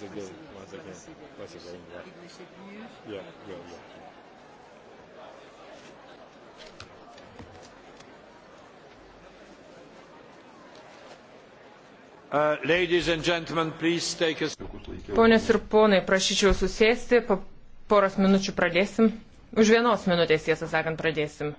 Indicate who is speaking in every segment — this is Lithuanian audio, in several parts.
Speaker 1: once again, once again, once again. Yeah, yeah, yeah. yeah. Uh, a... Ponios ir ponai, prašyčiau susėsti, po poros minučių pradėsim. Už vienos minutės, tiesą sakant, pradėsim.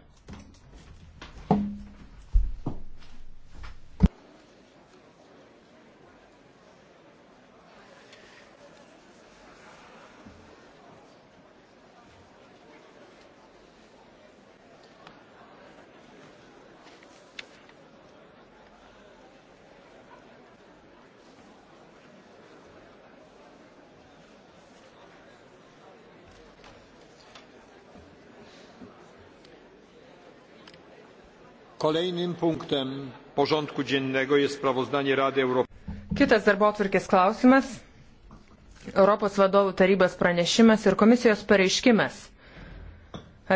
Speaker 1: Kolejnym punktem porządku dziennego jest sprawozdanie Rady Europejskiej. Kitas darbotvarkės klausimas - Europos vadovų tarybos pranešimas ir komisijos pareiškimas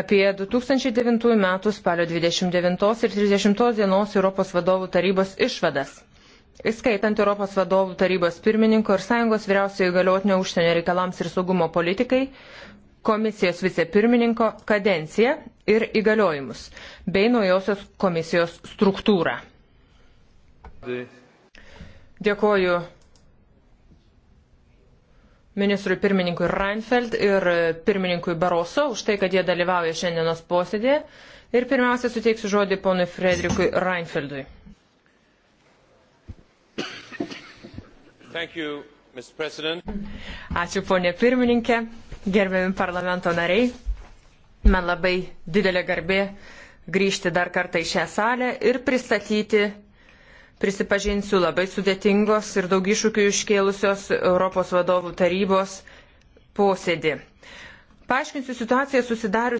Speaker 1: apie 2009 m. spalio 29 ir 30 dienos Europos vadovų tarybos išvadas, įskaitant Europos vadovų tarybos pirmininko ir Sąjungos vyriausiojo įgaliotinio užsienio reikalams ir saugumo politikai komisijos vicepirmininko kadenciją ir įgaliojimus, bei naujosios komisijos struktūrą. Dėkoju ministrui pirmininkui Reinfeld ir pirmininkui Baroso už tai, kad jie dalyvauja šiandienos posėdėje. Ir pirmiausia, suteiksiu žodį ponui Frederikui Reinfeldui. You, Ačiū, ponė pirmininkė. Gerbiami parlamento nariai, man labai didelė garbė grįžti dar kartą į šią salę ir pristatyti, prisipažinsiu, labai sudėtingos ir daug iššūkių iškėlusios Europos vadovų tarybos posėdį. Paaiškinsiu situaciją susidarius.